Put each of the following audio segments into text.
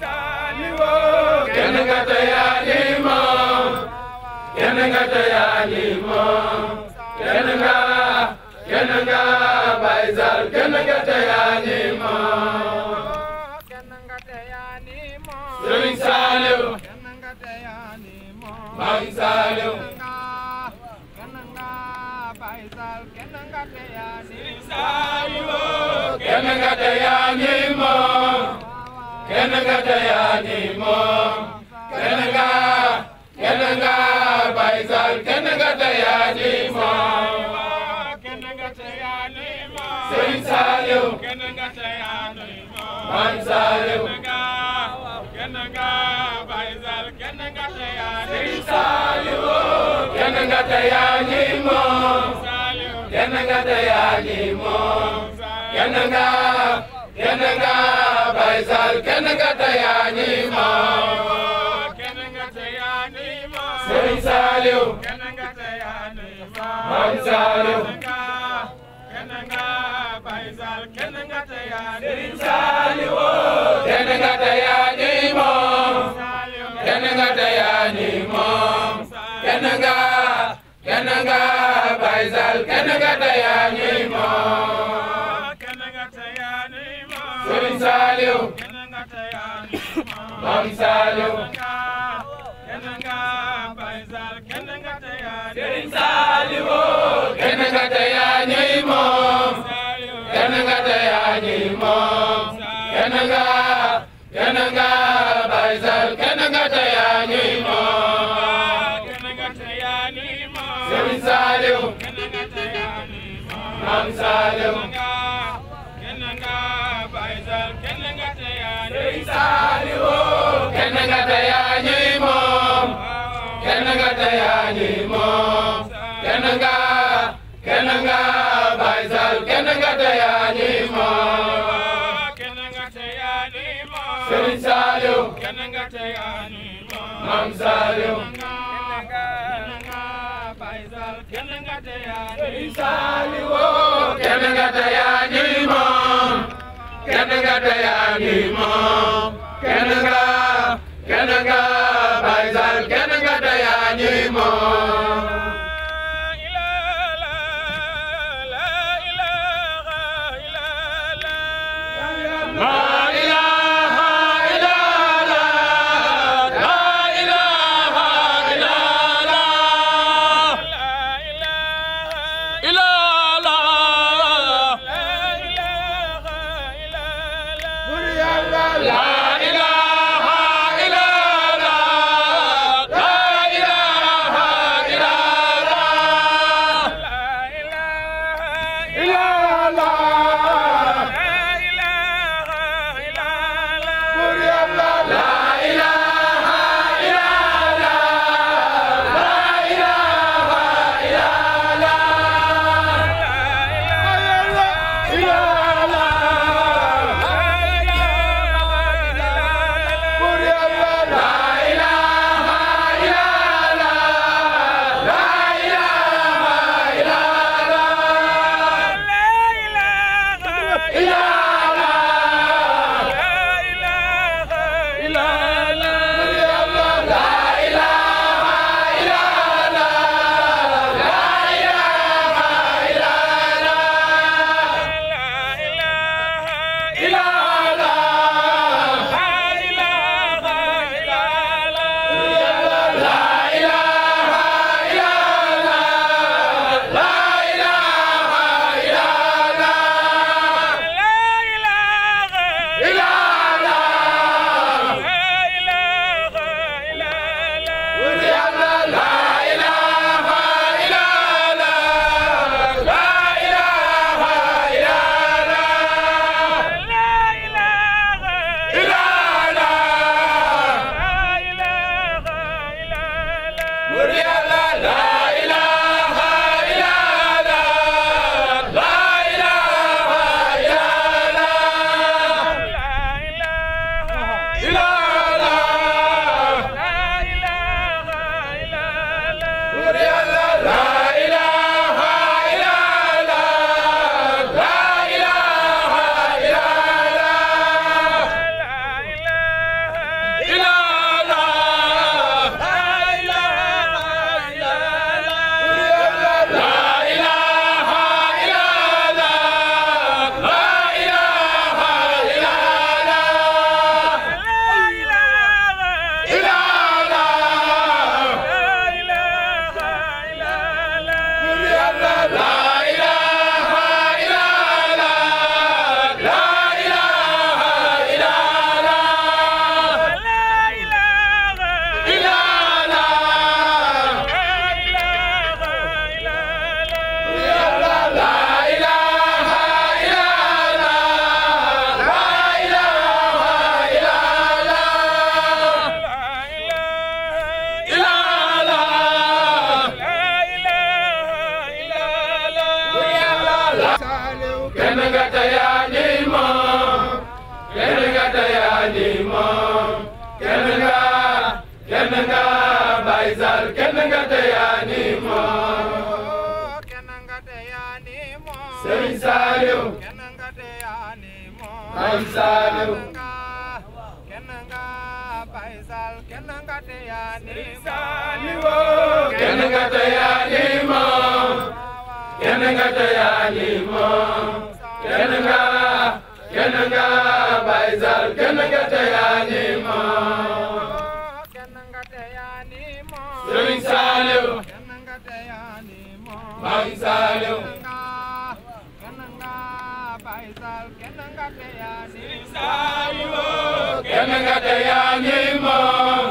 kenn nga te yaa limaam kenn nga te yaa limaam kenn nga kenn nga Baye Zal kenn nga Dayani moom kenn nga kenn nga Baye Sall kenn nga Dayani moom Sëriñ Saliou Maam Saliou kenn nga Baye Sall kenn nga Dayani Sëriñ Saliou kenn nga Dayani moom kenn nga Dayani moom kenn nga kenn nga Baye Sall kenn nga Tayaani ma kenn Saliou Mame Saliou kenn nga Baye Sall kenn nga te yaa Serigne Saliou kenn nga te yaa ñuy moom kenn nga te yaa ñuy moom kenn nga kenn nga Baye Sall kenn nga te yaa ñuy moom Serigne Saliou Mame Saliou nga tayaani moom kenn nga kenn nga Baay Sall kenn nga tayaani moom Serigne Saliou Mame Saliou kenn nga tayaani moom kenn nga tayaani moom kenn nga kenn nga nangate yaa ni moom Serigne Saliou Mame Saliou kenn ngate yaa ni moom kenn ngate yaa ni moom kenn nga kenn nga Baye Sall kenn ngate yaa ni moom saaliw maam saaliw kenn nga te yaa ni moom kenn nga te yaa ni moom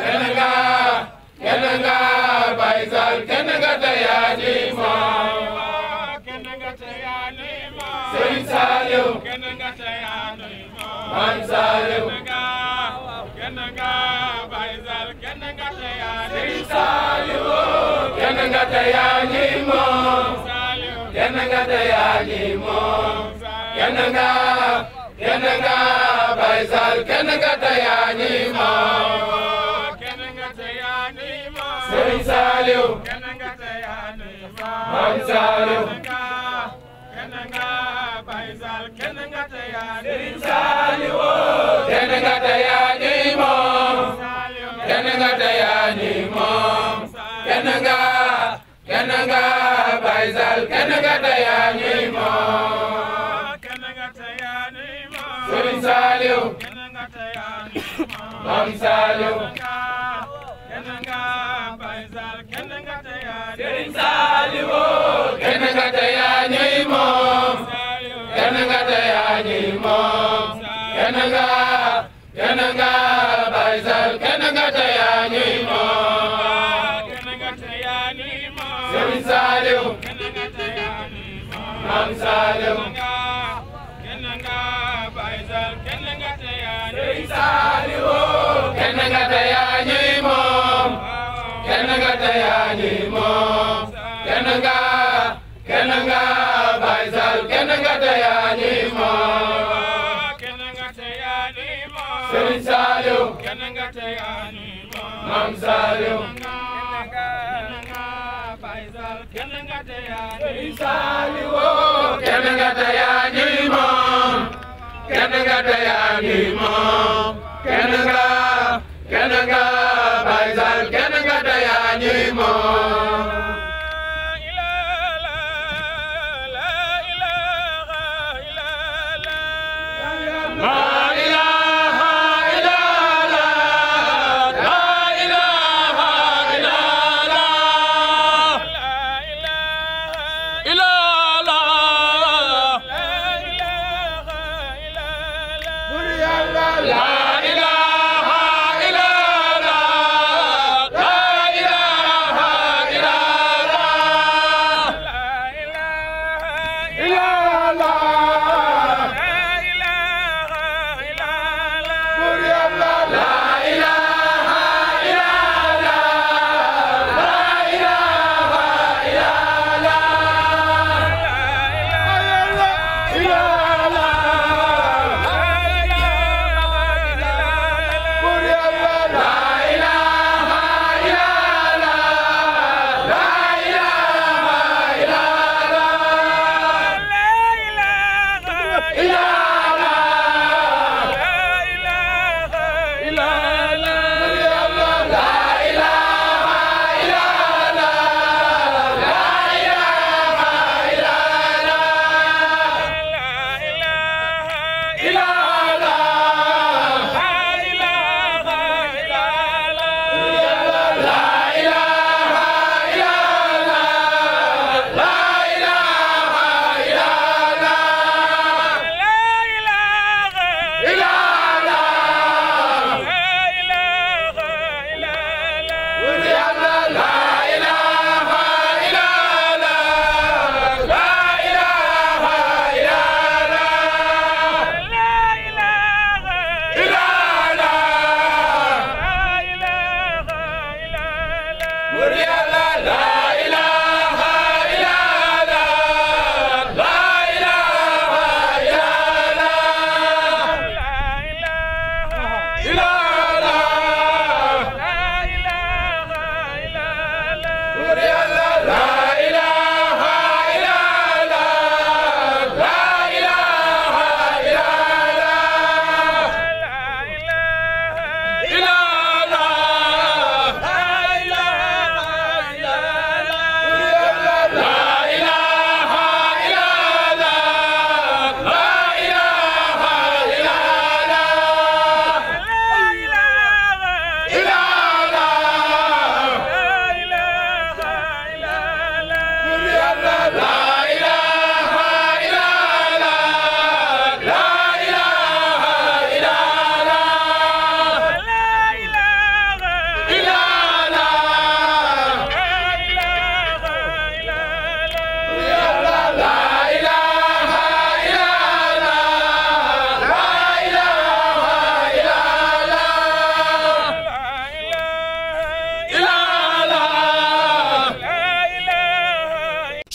kenn nga kenn nga Baay Saal kenn nga te yaa ni moom Sëriñ Saaliw maam Saaliw kenn nga Baye Sall kenn nga te yaa ñi Saliou kenn nga te yaa ñi moom kenn nga te yaa ñi moom kenn nga kenn nga Baye Sall kenn nga te yaa ñi moom kenn nga te yaa ñi moom Serigne Saliou kenn nga te yaa ñi moom Mame Saliou kenn nga Baye Sall kenn nga te yaa ñi Serigne Saliou kenn nga te yaa nga dayaani moom kenn nga kenn nga Baay Sal kenn moom Sëriñ Saaliw Maam moom kenn nga dayaani moom kenn kenn nga bay sal kenn nga te yaa ñuy moom Serigne Saliou Maam Saliou kenn nga bay sal kenn nga te yaa ñuy moom kenn nga te yaa ñuy moom kenn nga te yaa ñuy moom kenn nga kenn nga bay sal kenn nga te yaa ñuy moom Saliou Mame Saliou kenn nga teyaa ñuy moom kenn nga teyaa ñuy moom oh, kenn nga kenn nga Baye Sall kenn nga teyaa ñuy moom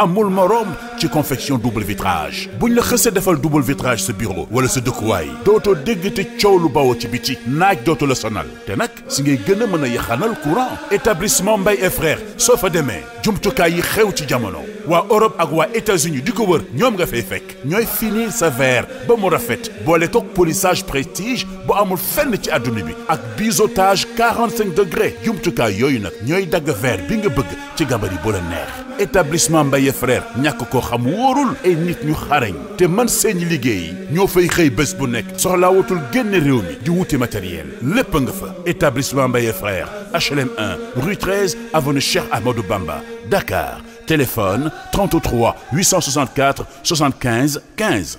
amul morom ci confection double vitrage buñ la xësee defal double vitrage sa bureau wala sa dëkkuwaay dootoo dégg te coow lu bawoo ci biti naaj dootu la sonal te nag si ngay gën a mën a yaxanal courant établissement Mbaye et frères soo fa demee jumtukaay yi xew ci jamono waa Europe ak waa États-Unis di ko wër ñoom nga fay fekk ñooy finir sa verre ba mu rafet boole kook polissage prestige bu amul fenn ci adduna bi ak biseautage 45 degrés jumtukaay yooyu nag ñooy dagg verre bi nga bëgg ci gabari bu la neex établissement Mbaye frère ñàkk koo xam wóorul ay nit ñu xarañ te man seen liggéey ñoo fay xëy bés bu nekk soxlaa wutul génn réew mi di wuti matériel lépp nga fa établissement Mbaye frère HLM 1 rue 13 avenue Cheikh Amadou Bamba Dakar téléphone 33 864 75 15.